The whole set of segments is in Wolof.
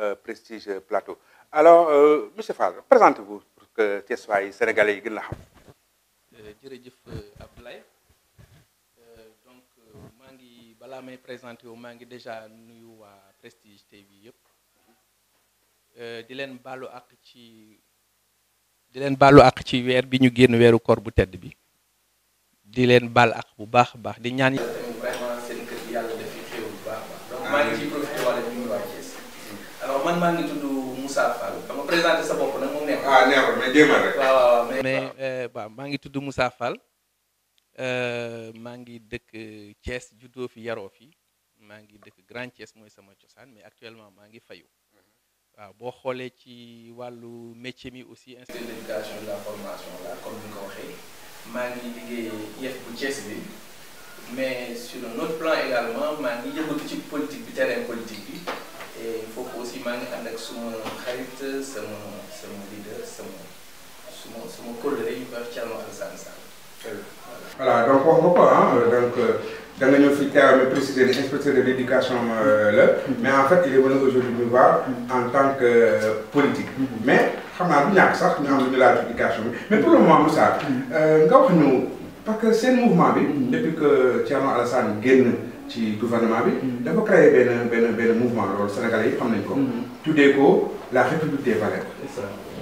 Euh, prestige Plateau alors euh, monsieur Fall présentez-vous pour que Thiessois yi sénégalais yi gën la xam. Euh, jërëjëf Abdoulaye donc Mangi ngi balaa may présenté wu maa déjà nuyu waa Prestige TV Euh, di leen baalu àq ci di leen baalu àq ci weer bi ñu génn weeru koor bu tedd bi di leen baal àq bu baax baax di ñaan. vraiment seen kër yàlla def fi xéw bu baax baax. donc Mangi man maa ngi tudd Moussa Fall xam nga présenté sa bop nag moom nek ah neexul mais jéemal rek. waaw waaw mais euh, waaw maa ngi tudd Moussa Fall euh, maa ngi dëkk Thiès juddoo fi yaro fi maa ngi dëkk Grand Thiès moy sama cosaan mais actuellement maa ngi fayu waaw bo xolé ci walu métier mi aussi. institut de la formation la comme ni ko waxé maa ngi liggéey yëf bu Thiès bi mais sur un autre plan également maa ngi yëngatu ci politique bi terrain politique bi et faut aussi manger avec son ak son leader son collègue suma kóllëre yu Alassane Sall. voilà donc on voit, pas hein, euh, donc euh, dans nga ñëw fi teew mi inspecteur de l'éducation euh, mais en fait il est venu aujourd'hui me voir en tant que politique mais xam naa du ñàkk sax ñu l'éducation mais pour le moment Moussa nga wax ñu parce que le mouvement bi depuis que Thierno Alassane gagne ci gouvernement bi. Mm-hmm. dafa créé benn benn benn mouvement loolu sénégalais yi xam nañ ko. Mm-hmm. tuddee ko la république des valeurs.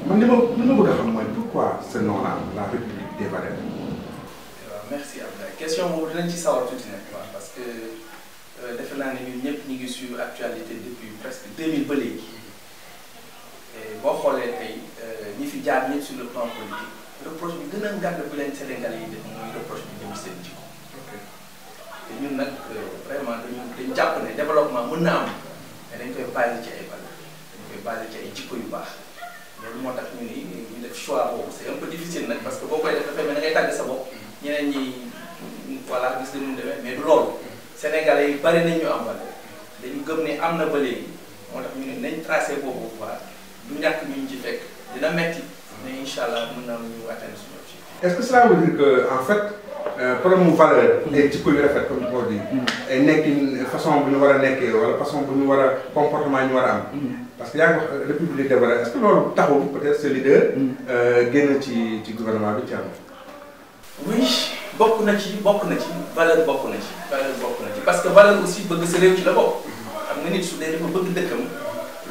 man li ma li ma bëgg a xam mooy pourquoi ce nom là la république des valeurs. Euh, merci Abdoulaye question boobu dinañ ci sawar tuuti nag parce que euh, defe naa ne ñun ñëpp ñu ngi suivre actualité depuis presque 2000 ba léegi boo xoolee tey euh, ñi fi jaar ñëpp sur le plan politique reproche bi gën a ngàll bu leen Sénégalais yi def mooy reproche bi jëm seen jikko te ñun nag euh, vraiment dañu dañ jàpp ne développement mën na am mais dañ koy basé ci ay bal dañ koy basé ci ay jikko yu baax loolu moo tax ñu ni ñu def choix boobu c'est un peu difficile nag parce que boo koy def dafay mel da ngay tàgg sa bopp ñeneen ñi voilà gis nañu demee mais du loolu Sénégalais yi bari nañ ñu am bal dañu gëm ne am na ba léegi moo tax ñu ne nañ tracé boobu waa du ñàkk ñu ci fekk dina metti mais incha allah mën naa ñu atteindre suñu objectif. Est-ce que cela veut dire que en fait. Euh, promouvoir les jikko yu rafet comme ko di mm. nekkin façon bu ñu war a nekkee wala façon bu ñu war comportement ñu wara am mm. parce que ya ngi république de valeur est-ce que loolu taxul peut-être ce leader mm. euh genn ci ci gouvernement bi ci am oui bokk na ci bokk na ci valeur bokk na ci valeur bokk na ci parce que valeur aussi bëgg ce réew ci la bokk mm-hmm. am nga nit su dee dafa bëgg dëkkam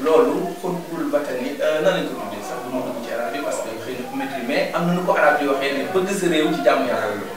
lolu loolu xutbul watani euh, nan lañ ko tuddee sax du ma dugg ci arabe parce que xëy na ku maîtrise mais am na nu ko arabe yi waxee ne bëgg ce réew ci jàmm yàlla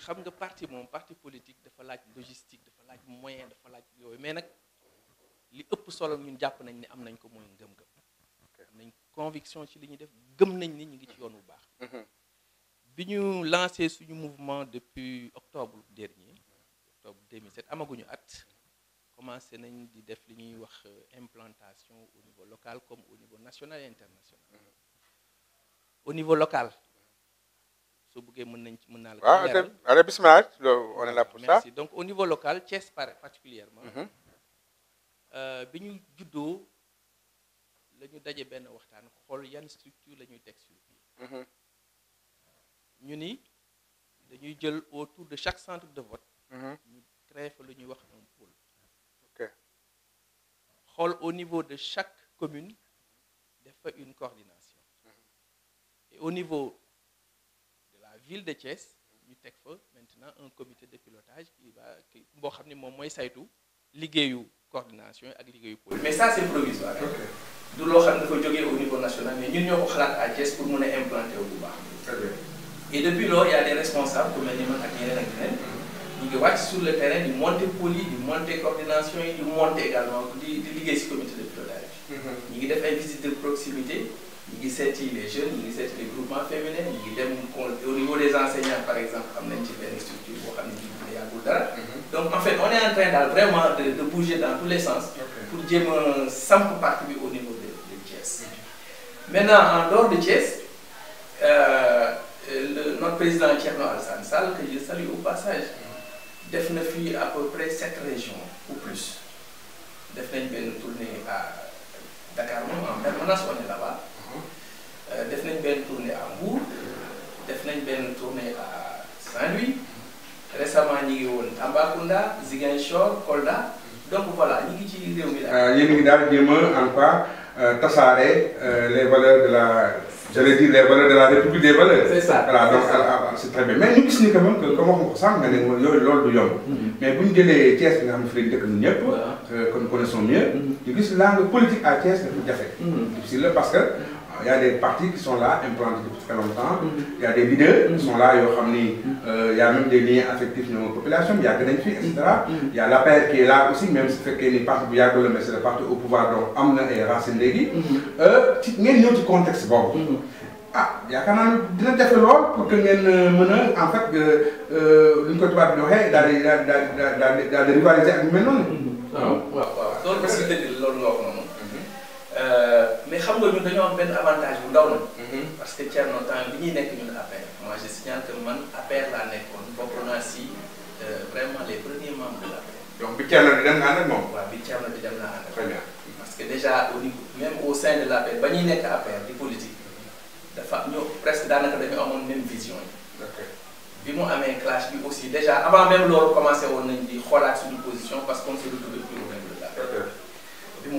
que xam nga parti moom parti politique dafa laaj logistique dafa laaj moyen dafa laaj yooyu mais nag li ëpp solo ñun jàpp nañ ne am nañ ko mooy ngëm-ngëm am nañ conviction ci li ñuy def gëm nañ ni ñu ngi ci yoon bu baax mhm. bi ñu lancé suñu mouvement depuis octobre dernier octobre 2007 amaguñu at commencé nañ di def li ñuy wax euh, implantation au niveau local comme au niveau national et international mhm. au niveau local si vous voulez, nañ ci allez bismillah on est là pour ça donc au niveau local Thiès particulièrement mhm. euh, bi ñu juddoo la ñu daje qu'il y a une structure la ñuy teg sur pied mhm. ñu dañuy autour de chaque centre de vote mhm. ñu créé fa lu ñuy un pôle xool au niveau de chaque commune def fa une coordination et au niveau ville de Thiès ñu tek fa maintenant un comité de pilotage qui va bo xamni mom moy saytu liguéyu coordination ak liguéyu mais ça c'est provisoire. Hein. du lo xam dafa jógee au niveau national mais ñun ñoo xalat à Thiès pour mëna implanter au bu baax. et depuis il y a des responsables comme mel ni man ak yeneen ak ngi sur le terrain di monter poli, yi di monter coordination yi di monter également di di liggéey ci comité de pilotage. Mhm. ñu ngi def ay visites de proximité il y a les jeunes il y a les groupements féminins au niveau des enseignants par exemple comme nañ ci structure mhm. donc en fait on est en train vraiment de bouger dans tous les sens. pour dire sans participer parti au niveau de de mhm. maintenant en dehors de Thiès euh, notre président Thierno Al-Sansal, que je salue au passage. a fait à peu près sept régions ou plus def nañ une tournée à Dakar en permanence on est là-bas. Euh, def nañ benn tournée à Mbour def nañ benn tournée à Saint-Louis récemment ñi ngi woon Tambacounda Ziguinchor Kolda donc voilà ñi ngi ci réew mi daal. Euh, yéen ngi daal jéem a en tout cas euh, tasaare les valeurs de la j'allais dire les valeurs de la république des valeurs. c'est ça voilà donc c'est ah, ah, très bien mais ñu gis ni quand même que comme waxuma ko sànq nga ne loolu loolu du yomb. Mm-hmm. mais bu ñu jëlee Thiès bi nga xam ne fi dëkk ñëpp. que nous connaissons mieux. Mm-hmm. ñu gis langue politique à Thiès dafa jafe. Mm-hmm. difficile la parce que. Il y a des partis qui sont là, implantés depuis très longtemps. Mm-hmm. Il y a des leaders qui mm-hmm. sont là, euh, il y a même des liens affectifs dans la population, il y a Greenfield, etc. Mm-hmm. Il y a l'appel qui est là aussi, même si c'est n'est pas le mais c'est le parti au pouvoir, donc Amna et Racine Degui. Mais euh, il y a quand contexte. Bon. ah y a quand lool pour que nous euh, menions, en fait une ñu ko tubaab di waxee daal di rivaliser ah, que euh, mais xam nga ñun dañoo am avantage mhm. parce que nous avons bi moi je signale que man euh, vraiment les premiers membres de l'appel. donc di parce que déjà même au sein de l'appel, ba ñuy nekk APR di politique dafa presque même vision clash aussi déjà avant même loolu commencé woon nañ di position parce qu'on se retrouve plus au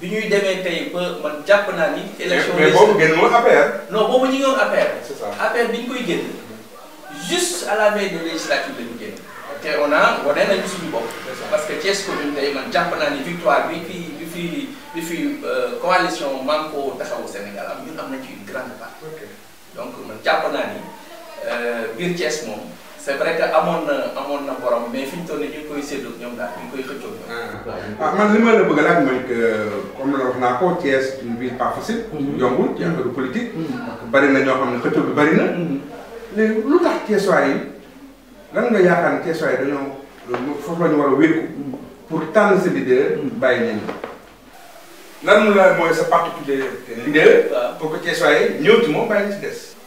bi ñuy demee tey ba man jàpp naa ni. élection mais boobu génn woon APR. non boobu ñu ngi woon APR. c'est ça APR bi ñu koy génn juste à la veille de législative la ñu te on a wane nañu suñu bopp. parce que Thiès commune man jàpp naa ni victoire bi fii bi fii bi fii euh, coalition Manko Taxawu Sénégal am ñun am nañ ci une grande part. donc man jàpp naa ni euh, biir moom. c'est vrai mais fi ñu toll nii ñu ngi koy séddoo ñoom daal bari na ñoo xam ne xëccoo bi bari na. Mm-hmm. lu tax Thiessois yi lan nga yaakaar ne dañoo foofu la ñu war a wékku pour tànn sa leader mm-hmm. bàyyi nañu lan la mooy sa particulier yi ñëw ci moom bàyyi na ci des.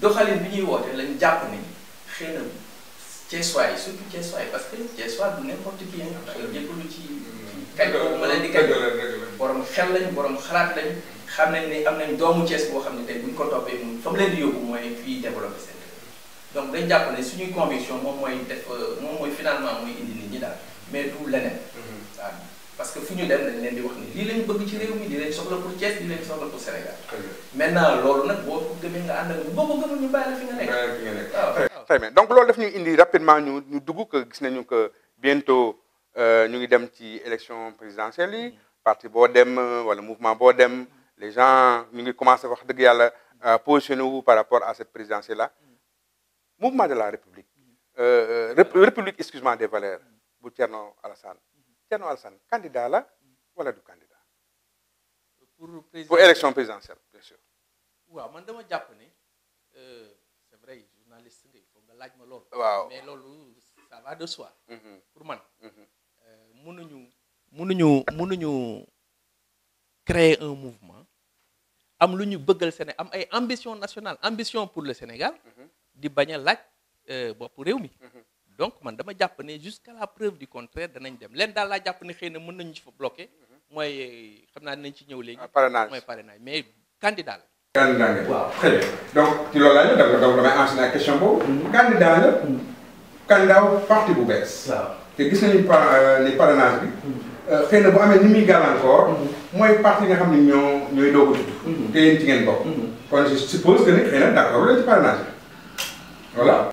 doxalin bi ñuy woote lañ jàpp ni xëy na Thiessois yi surtout Thiessois yi parce que Thiessois du n'importe qui ñëpp lu ci kaj ma leen di kaj borom xel lañ borom xalaat lañ xam nañ ne am nañ doomu Thiès boo xam ne tey buñ ko toppee fa mu leen di yóbbu mooy fii développé seen donc dañ jàpp ne suñuy conviction moom mooy def euh, moom mooy finalement mooy indi nit ñi daal mais du leneen parce que fu ñu dem dañ leen di wax ni lii lañ bëgg ci réew mi lii lañ soxla pour Thiès di lañ soxla pour Sénégal. maintenant loolu nag boo ko gëmee nga ànd ak boo ko gëmul ñu bàyyi la fi nga nekk. bàyyi fi nga nekk très bien donc loolu daf ñuy indi rapidement ñu ñu dugg que gis nañu que bientôt euh, ñu ngi dem ci élection présidentielle yi parti boo dem euh, wala mouvement boo dem les gens ñu ngi commencé wax dëgg yàlla euh, positionné wu par rapport à cette présidentielle là mouvement de la république mm. république excuse-moi des valeurs bu Thierno Alassane candidat là Voilà du candidat. pour président pour élection présidentielle bien sûr. Oui, man dama japonais, Euh, c'est vrai journaliste il faut mais ça va de soi. Mhm. pour moi, nous avons créé créer un mouvement am lu am ambition nationale ambition pour le Sénégal. Mhm. di bañ a euh, pour pour réew donc man dama japp ne jusqu'à la preuve du contraire danañ dem leen daal la japp ne xëy na mën nañu ci fa bloqué moy mhm. xamna naa dinañ ci ñëw léegi ah, moy parrainage mais candidat la candidat nga waaw très bien donc ci loolu laa ñu dama donc damay enchaîner question boobu mhm. candidat la mhm. candidat parti bu bees waaw te gis nañu par euh, les parrainage bi euh, xëy na bu amé ni mi gal encore moy parti nga xam ne ñoo ñooy doog a te yéen ci ngeen bok kon je suppose que ne xëy d'accord leen ci parrainage bi voilà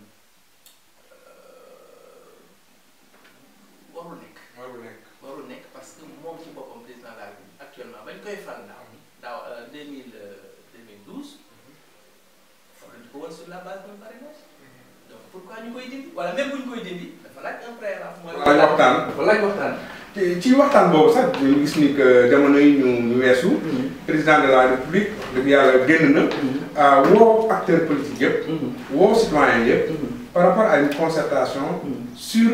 ñu koy wala même bu koy dindi dafa laaj un préalable. mooy waxtaan dafa laaj waxtaan. te ci waxtaan boobu sax dañu gis ni que jamono yi ñu ñu weesu. Mhm. président de la république. dëgg yàlla génn na. Mhm. woo acteurs politiques yëpp. Mhm. woo citoyens yëpp. par rapport à une concertation. sur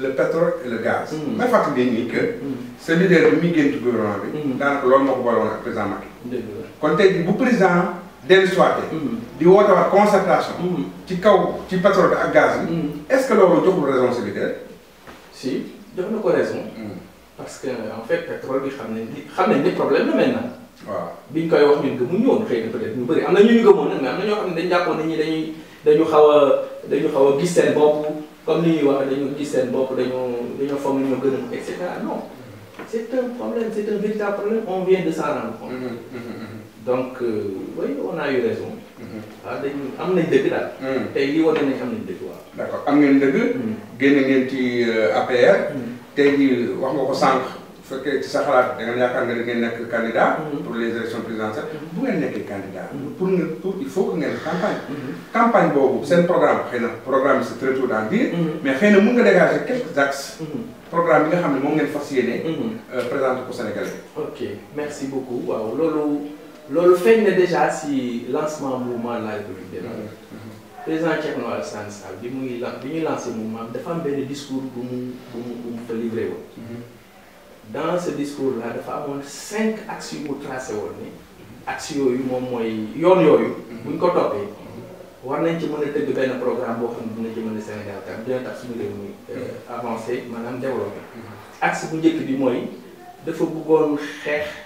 le pétrole et le gaz. may fàttali nii que. sa leader bi mi génn ci gouvernement bi. daanaka loolu moo ko boloon ak président Macky. kon tey bu président dellu soité mm-hmm. di woote waat concentration. Mm-hmm. ci kaw ci pétrole bi ak gaz bi mm-hmm. est-ce que loolu joxul raison Sénégal si jox na ko raison parce que en fait pétrole bi xam nañ ni xam nañ ni problème la maintenant waaw biñ koy wax ñun gëmuñu woon xëy na peut-être ñu bëri am na ñu ñu gëmoon nag mais am na ñoo xam ne dañ jàppoon nañu dañuy dañu xaw a dañu xaw a gis seen bopp comme ni ñuy wax dañu gis seen bopp dañu dañoo foog ni ñoo gën a et cetera non c'est un problème c'est un véritable problème on vient de s'en rendre compte donc euh, oui on a eu raison. waaw mhm. ah, am nañ dëgg daal. Mhm. tey yi wane nañ am nañ dëgg waaw. d' accord am ngeen dëgg. Mhm. génn ngeen ci euh, APR. tey jii wax nga ko sànq. bu fekkee ci sa xalaat da nga yaakaar nga ne ngeen nekk candidat. pour les élections présidentielles. bu ngeen nekkee candidat. pour nga pour il faut que ngeen campagne. campagne boobu seen programme xëy na programme c'est très tôt dans dire. mais xëy na mun nga dégager quelques axes. programme bi nga xam ne moom ngeen fas yéene. Euh, présenter ko Sénégalais. ok merci beaucoup waaw loolu loolu feeñ déjà si lancement mouvement Laye Publique de Ndar président Thierno Alassane Sall bi muy lan bi ñuy lancé mouvement dafa am benn discours bu mu bu mu bu mu fa livré woon. Mhm. dans ce discours là dafa amoon cinq axes yu mu tracé woon ni axes yooyu moom mooy yoon yooyu. Mhm. buñ ko toppee mhm. war nañ ci mën a tëgg benn programme boo xam ne dina jëmale Sénégal tam dina tax suñu réew mi euh, avancé maanaam développé. axe bu njëkk bi mooy dafa bëggoon xeex.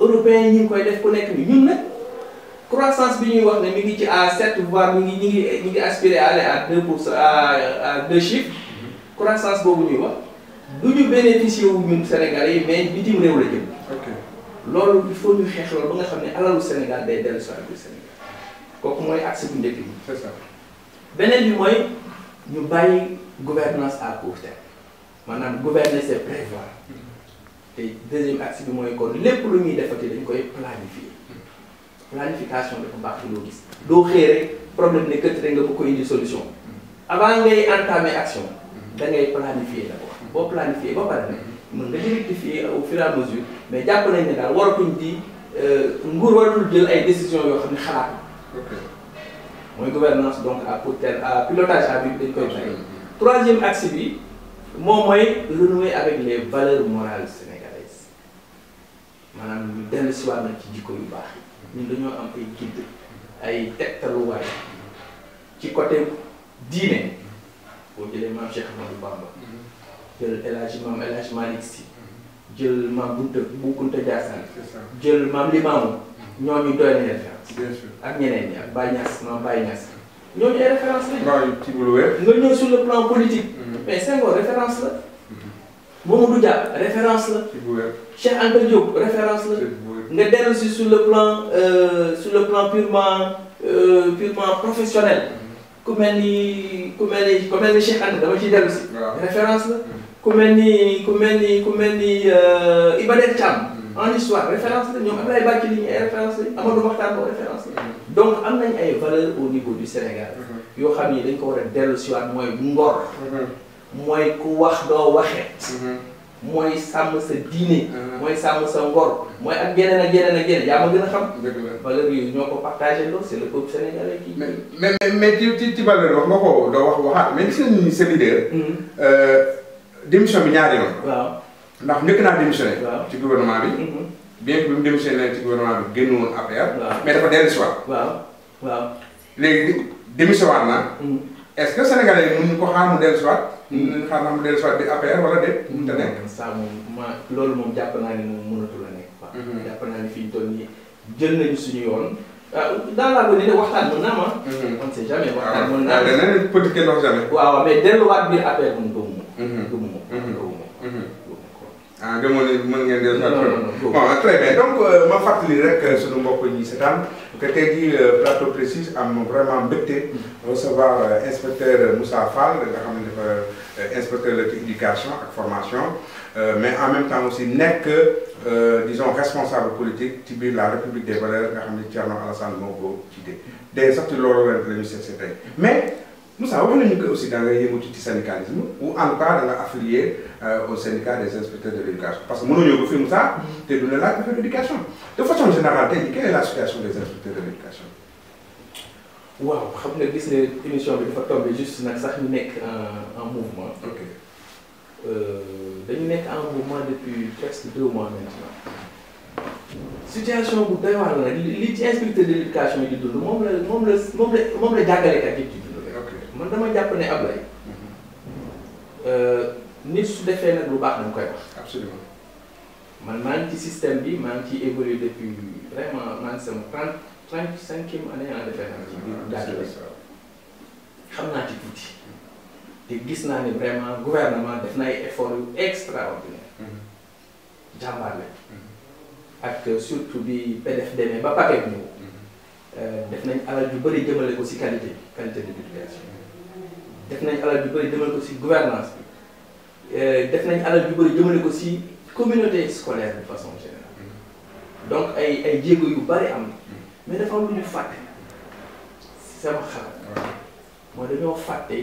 européens yi ñu ngi koy def ku nekk ñun nag croissance bi ñuy wax ne mi ngi ci à sept voire mi ngi ñu ngi ñu ngi aspiré aller à deux pour cent à deux chiffres mhm. croissance boobu ñuy wax du ñu bénéficié wu ñun sénégalais yi mais bitim réew la jëm. loolu il faut ñu xeex loolu ba nga xam ne alalu Sénégal day dellu si alalu Sénégal kooku mooy accès bu njëkk bi. c'est ça beneen bi mooy ñu bàyyi gouvernance à court terme maanaam gouverner c'est prévoir. Mhm et deuxième axe de mon kon lépp lu ñuy defati dañ koy planifier planification de combattre ci loo gis problème n'est que rek nga ko indi solution avant ngay entamer action mm-hmm. da ngay planifier d'abord. ko mm-hmm. planifier ba pare nag mm-hmm. mën nga au fur et à mesure mais jàpp nañ ne daal waratuñ di euh, nguur waratul jël ay décisions yoo xam ne xalaat gouvernance donc à pilotage à vue dañ troisième axe bi moom renouer avec les valeurs morales maanaam ñu dellu si waat nag ci jikko yu baax yi ñun dañoo am ay guide ay tegtaluwaay ci côté diine boo jëlee maam Cheikh Ahmadou Bamba jël El Hadj maam El Hadj Malick Sy jël maam Bunta Bu Kunta Jaasaan jël maam Limaamu ñooñu doy nañ ak ñeneen ñi ak Baye Niass maam Baye Niass ñooñu ay référence lañ nga ñëw sur le plan politique mm-hmm. mais Senghor référence la Mamadou Dia référence la. Cheikh Anta Diop référence la. nga dellu si le plan euh, sur le plan purement euh, purement professionnel. Mhm. ku mel ni ku mel ni ku mel ni référence la. Mhm. ku mel ni ku mel ni ku mel ni euh, Iba Der Thiam. Mhm. en histoire référence la ñoom Abdoulaye Backe li ñu ay référence la Amadou Mahtar boobu référence la. donc am nañ ay valeurs au niveau du Sénégal. yoo xam ni dañ ko war a dellu si waat mooy ngor. mooy ku wax doo waxeet mm-hmm. mooy sàmm sa diine mm-hmm. mooy sàmm sa ngor mooy ak yeneen ak yeneen ak yeneen yaa ma gën a xam valeur yooyu ñoo ko partagé loo c'est le peuple sénégalais qui mais mais mais ci ci ci valeur wax nga ko doo wax waxaat mais gis nañu sa leader mm-hmm. euh, démission bi ñaari yoon ndax njëkk naa démissionné ci gouvernement bi bien bi mu démissionné ci gouvernement bi génn woon affaire mais dafa dellusi waat waaw waaw léegi démissionné waat naa est-ce que sénégalais yi mën ko xaar mu dellusiwaat. mën nañu xaar mu dellusiwaat bi APR wala déet. mënut a nekk saa moom ma loolu moom jàpp naa ne moom mënatul a nekk quoi. Mhm. jàpp naa ne fi ñu toll nii jël nañu suñu yoon. Ah, dans la bonne idée waxtaan mën naa ma. Mhm. on sait jamais ah, waxtaan mën naa. waaw leneen peut-être kenn wax jamais. waaw mais delluwaat biir APR moom gëmuma. gëmuma gëmuma. ah gëmoo ne mën ngeen dellusiwaat. non non non bon très bien donc euh, ma fàttali rek euh, suñu mbokk ñi seetaan. que dit plateau précis a vraiment bêté recevoir l'inspecteur euh, Moussa Fall l'inspecteur euh, de l'éducation et de la formation euh, mais en même temps aussi que, disons responsable politique de la République des valeurs nga de de Des la ñu mais. Nous savons nous que aussi dans le syndicalisme, ou encore dans affilié euh, au syndicat des inspecteurs de l'éducation. Parce que nous avons fait ça, on donné là l'éducation. De façon générale, quelle est la situation des inspecteurs de l'éducation Wow, je sais que cette émission est tombée juste dans un, en mouvement. Ok. Euh, en mouvement depuis presque deux mois maintenant. situation où doy de l'éducation ils sont dund les la moom la la la man dama jàpp ne Ablaye euh, nit su defee nag lu baax dama koy man maa ngi ci système bi maa ci ciy évolué depuis vraiment maa ngi sama trente trente cinquième année en defee nag ci biir daal xam naa ci tuuti te gis naa ne vraiment gouvernement def na ay efforts yu extraordinaire jàmbaar la mm-hmm. ak surtout bi PDF demee ba paquet ñëw mm-hmm. euh, def nañ alal ju bëri jëmale ko si qualité bi qualité de l'éducation def nañ alal ju bëri jëmale ko si gouvernance bi euh, def nañ alal ju bëri jëmale ko si communauté scolaire de façon générale mm-hmm. donc ay ay jéego yu bari am na mm-hmm. mais dafa am lu ñu fàtte si sama xalaat mooy dañoo fàtte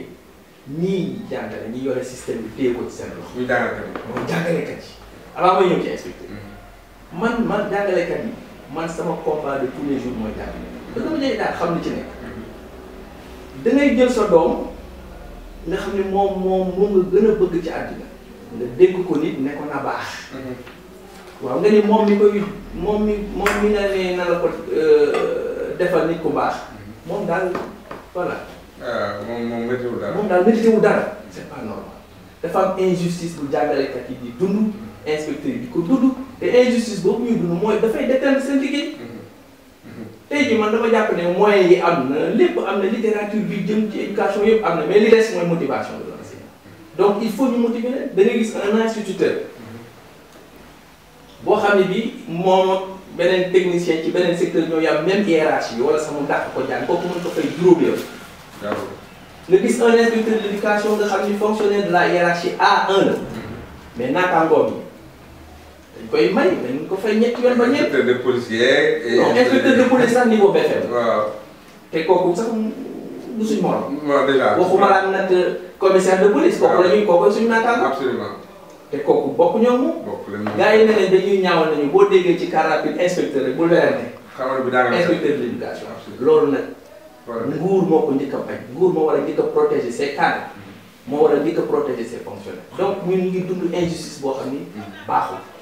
ñii jàngale ñi yore système bi téye ko ci seen loxo. ñuy jàngalekat yi mooy jàngalekat yi alors mooy ñëw ci inspecteur mm-hmm. man man jàngalekat yi man sama combat de tous les jours mooy jàngale. dama ñëw daal xam ni ci nekk da ngay jël sa doom. nga xam ne moom moom moom nga gën a bëgg ci àddina nga dégg ko nit ne ko na baax waaw nga ni moom mi koy moom mi moom mi na ne na la ko euh, defal nit ku baax moom daal voilà ah, moom moom météo dara moom daal météo dara c'est pas normal dafa am injustice bu jàngalekat yi di dund inspecteur yi di ko dund te injustice boobu ñuy dund mooy dafay déteindre seen liggéey tey jii man dama jàpp ne moyens yi am na lépp am na littérature bi jëm ci éducation yëpp am na mais li des mooy motivation de l'enseignant donc il faut ñu motiver leen da ngay gis un instituteur boo xam ne bii moom beneen technicien ci beneen secteur ñoo yam même hiérarchie wala sama mu dàq ko jàng kooku mën ko fay juróom yoon nga gis un instituteur de l'éducation nga xam ni fonctionnaire de la hiérarchie A1 la mais naataangoom yi koy may dañ ko fay ñetti yoon ba ñeent. inspecteur de policier. non inspecteur te kooku sax du suñ morom. waaw dèjà waxuma la nag commissaire de police. waaw kooku la ñuy kooku suñu naataango. te kooku bokk ñoom moom. bokk la ñoom gars yi ne dañuy ñaawal nañu boo déggee ci car rapide inspecteur rek bul werante. xamal bi daanaka inspecteur de l'éducation. loolu nag. nguur moo ko njëkk a bañ nguur moo war a njëkk a protéger ses cadres. Mm-hmm. moo war a njëkk a protéger ses fonctionnaires. donc ñun boo xam ni mm-hmm. baaxul.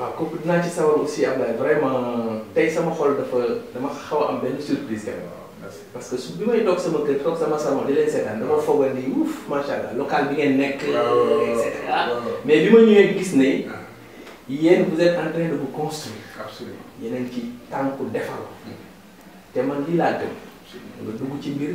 waaw kooku dinaa ci sawar aussi Ablaye vraiment tey sama xol dafa dama xaw a am benn surprise quand parce que su bi may toog sama kër toog sama salon di leen seetaan dama foogal ni wuuf macha allah local bi ngeen nekk. et cetera mais bi ma ñëwee gis ne ah. yéen vous êtes en train de vous construire. absolument yéen ci tànku defar. Hmm. te man lii laa gëm. nga dugg ci mbir.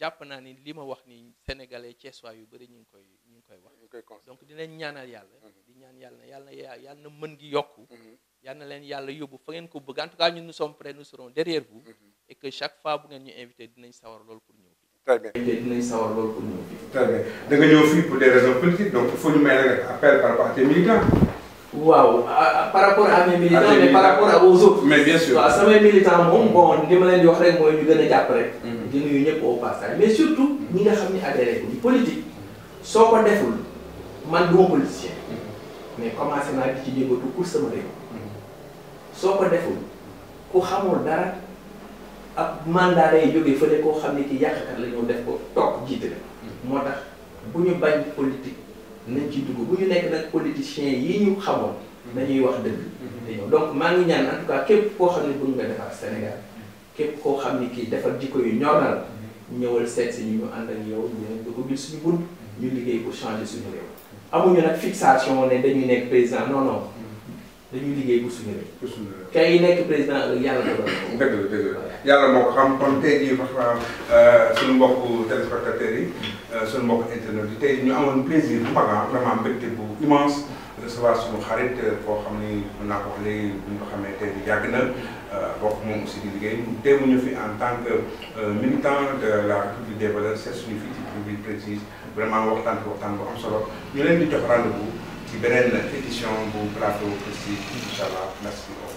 jàpp naa ni li ma wax ni sénégalais yu bëri ñu ngi koy donc nous sommes prêts nous serons derrière vous mhm. et que chaque fois bu ngeen ñu invité dinañ sawar loolu pour ñëw très bien dinañ sawar loolu pour très bien pour des raisons politiques donc il faut ñu appel par parti militant waaw par rapport à mes militants ah, mais par rapport à aux autres. mais bien sûr waaw samay militants moom bon li ma leen di gën a jàpp rek. Mm-hmm. di nuyu ñëpp au passage mais surtout ñi nga xam ne adhéré ko politique soo ko deful man du ma mm-hmm. mais commencé naa ci yëngatu pour sama réew. Mm-hmm. soo ko deful ku xamul dara man mandat lay jógee fële koo xam ne ki yàqkat la ñoo def ko toog jiite la. moo bu ñu bañ politique. nañ ci dugg bu ñu nekk nag politiciens yi ñu xamoon nañuy wax dëgg mhm. te ñëw donc maa ngi ñaan en tout cas képp koo xam ne bëgg nga defar Sénégal képp koo xam ne kii defar jikko yu ñor na la mhm. ñëwal seet si ñu ñu ànd ak yow ñeneen dugg bi suñu bunt mhm. ñu liggéey pour changer suñu réew amuñu nag fixation ne dañuy nekk président non non dañuy liggéey pour suñu réew kay nekk président ëllëg yàlla dogal dëgg la dëgg la yàlla ko xam kon tey jii wax euh, suñu mbokk téléspectateurs yi Euh, suñu mbokk internet yi tey ñu amoon plaisir bu mag vraiment ah, mbégte bu immense recevoir suñu xarit euh, koo xam ni mën naa ko wax léegi bu ñu ko xamee tey bi yàgg na euh, bokk moom aussi di liggéey teewu ñu fi en tant que militant de la République des valeurs seet suñu fii ci République Prestige vraiment waxtaan fi waxtaan bu am solo ñu leen di jox rendez-vous ci beneen édition bu plateau Prestige incha allah merci